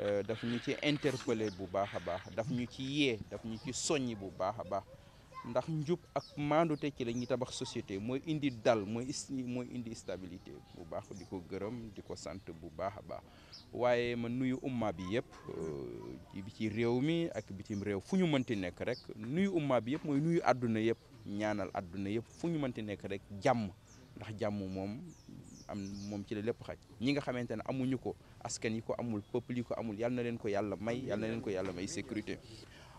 Euh, daf ñu ci interpeller bu baax a baax daf ñu ci yee daf ñu ci soññ bu baax a baax ndax njub ak te ci la ñuy tabax société mooy indi dal mooy mooy indi stabilité bu baax di ko gërëm di ko sant bu baax a baax waaye ma nuyu umma bi yëpp euh, bi ci réew mi ak bitim réew fu ñu mënti nekk rek nuyu umma bi yëpp mooy nuyu àdduna yëpp ñaanal àdduna yëpp fu ñu mënti nekk rek jàmm ndax jàmm moom am moom ci la lépp xaj ñi nga xamante ne amuñu ko askan yi ko amul peuple yi ko amul yàlla na leen ko yàlla may yàlla na leen ko yàlla may sécurité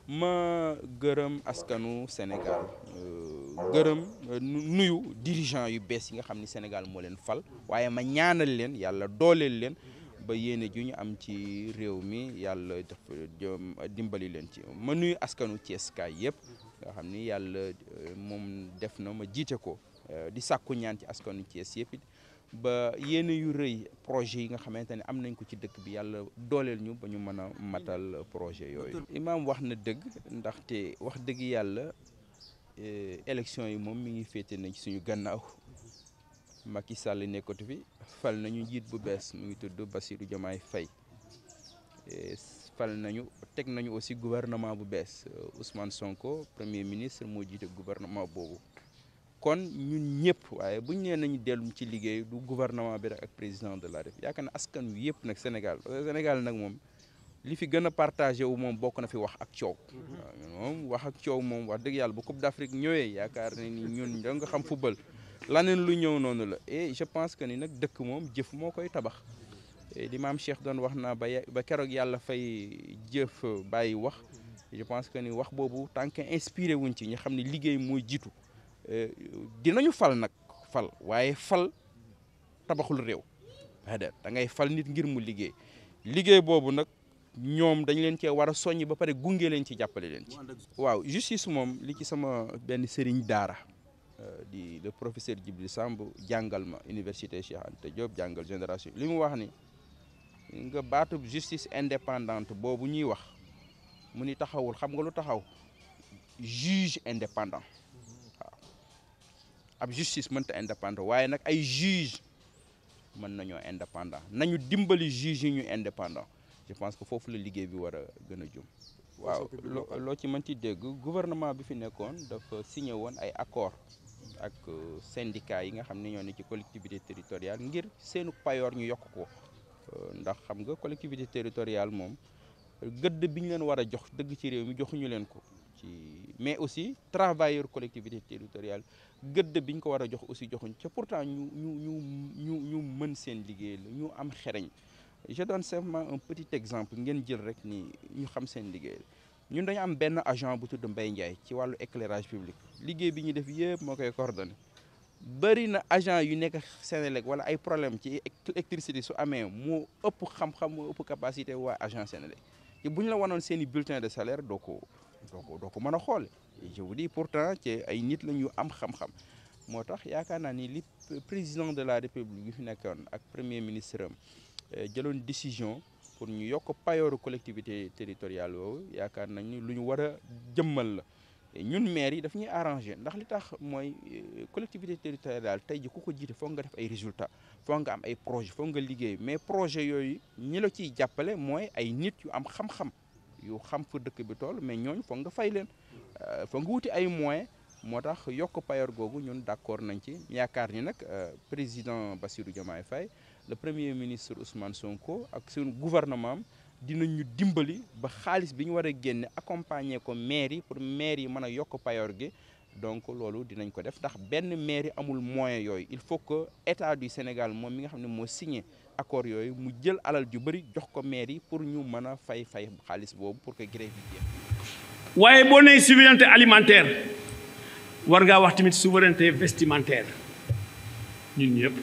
ma gërëm askanu Sénégal euh, gërëm euh, nuyu dirigeant yu bees yi nga xam ni Sénégal moo leen fal waaye ma ñaanal leen yàlla dooleel leen ba yéene ju ñu am ci réew mi yàlla dimbali leen ci ma nuyu askanu Thiès kaay yëpp nga xam ni yàlla euh, moom def na ma jiite ko di sàkku ñaan ci askanu Thiès yëpp ba yenn yu rëy projet yi nga xamante ne am nañ ko ci dëkk bi yàlla dooleel ñu ba ñu mën a matal projet yooyu. Imaam wax na dëgg ndaxte wax dëgg yàlla eh, élection yi moom mi ngi féete nañ ci suñu gannaaw Macky Sall nekkatu fi fal nañu njiit bu bees mu ngi tudd Bassirou Diomaye Faye eh, fal nañu teg nañu aussi gouvernement bu bees eh, Ousmane Sonko premier ministre moo jiite gouvernement boobu. kon ñun ñëpp waaye bu ñu nee nañu dellum ci liggéey du gouvernement bi rek ak président de la République yaakaar na askan wi yëpp nag Sénégal parce que Sénégal nag moom li fi gën a partagé wu moom bokk na fi wax ak coow. Mhm. waaw moom wax ak coow moom wax dëgg yàlla bu Coupe d'Afrique ñëwee yaakaar ne ni ñun da nga xam football laneen lu ñëw noonu la et je pense que ni nag dëkk moom jëf moo koy tabax. li maam Cheikh doon wax naa ba ba keroog yàlla fay jëf bàyyi wax je pense que ni wax boobu tant que inspiré wuñ ci ñu xam ne liggéey mooy jitu. Eh, dinañu fal nak fal waye fal tabaxul hada da ngay fal nit ngir mu liggéey liggéey bobu nak ñom dañ leen ci wara a ba pare gunge leen ci jappalé leen ci waaw justice mom, li ci sama benn sëriñ daara eh, di le professeur Djibril Samb jangal ma université Cheikh Anta Diop jangal génération limu wax ni nga batu justice indépendante bobu ñi wax mu ni taxawul xam nga lu taxaw juge indépendant ab justice mënta indépendant waaye nag ay juge mën nañoo indépendant nañu dimbali juge yu ñu indépendant je pense que foofu la liggéey bi war a gën a jëm waaw loo ci mën ci dégg gouvernement bi fi nekkoon dafa signé woon ay accord ak euh, syndicat yi nga xam ne ñoo ne ci collectivité territoriale ngir seenu payoor ñu yokk ko euh, ndax xam nga collectivité territoriale moom gëdd bi ñu leen war a jox dëgg ci réew mi joxuñu leen ko mais aussi travailleurs collectivités territoriales gëdd biñ ko wara jox aussi joxuñ ci pourtant ñu ñu ñu ñu ñu mën seen liggéey la ñu am xereñ je donne simplement un petit exemple ngeen jël rek ni ñu xam seen liggéey ñun dañu am benn agent bu tudd mbay Ndiaye ci wàllu éclairage public liggéey bi ñuy def yépp moo koy coordonné bëri na agent yu nekk Sénélec wala ay problème ci électricité su amee moo ëpp xam-xam moo ëpp capacité waa agent Sénélec te bu ñu la wanoon seen i bulletin de salaire doo ko doko doko doo xol je vous dis pourtant ci ay nit lañu am xam-xam motax tax ni li président de la république fi nekkoon ak premier ministre euh jëlone décision pour ñu yok payooru collectivité territoriale boobu yaakaar ñu a jëmmal la ñun maire yi daf ñuy arranger. ndax li tax moy euh, collectivité territoriale tey ji kuko jité fo nga def ay résultats fo nga am ay projet fo nga liggéey mais projet yooyu ñi la ciy jappalé moy ay nit yu am xam-xam yu xam fa dëkk bi toll mais ñooñ foog nga fay leen euh, fa nga wuti ay moyens moo tax yokk payoor googu ñun d'accord nañ ci yaakaar ñu nag euh, président Bassirou Diomaye Faye le premier ministre Ousmane Sonko ak suñu gouvernement am dinañu dimbali ba xaalis bi ñu war a génne accompagner ko maire yi pour maire yi mën a yokk payoor gi donc loolu dinañ ko def ndax benn maire amul moyen yooyu il faut que état du Sénégal moom mi nga xam ne moo signé accord yoy mu jël alal ju bari jox ko maire yi pour ñu mëna fay fay xaliss bobu pour que grève bi jeex waye bo nee souveraineté alimentaire war nga wax tamit souveraineté vestimentaire ñun ñëpp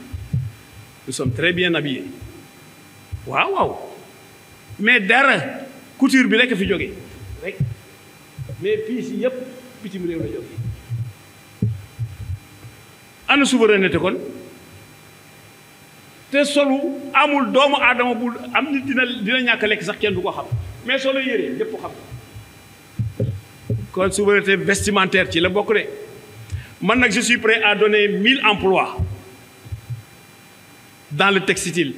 nous sommes très bien habillés waaw waaw mais dara couture bi rek fi joggé rek mais piis yëpp bitim réew la jóge ana souveraineté kon te solo amul doomu aadama bu am dina dina sax du ko xam mais solo lépp xam kon souveraineté vestimentaire ci la je suis prêt à donner mille emplois dans le textile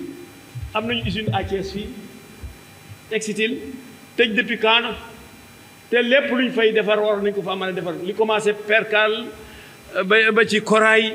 am nañu usine à Thiès textile tëj depuis quand te lépp fay defar war nañ ko fa li commencé percal euh, corail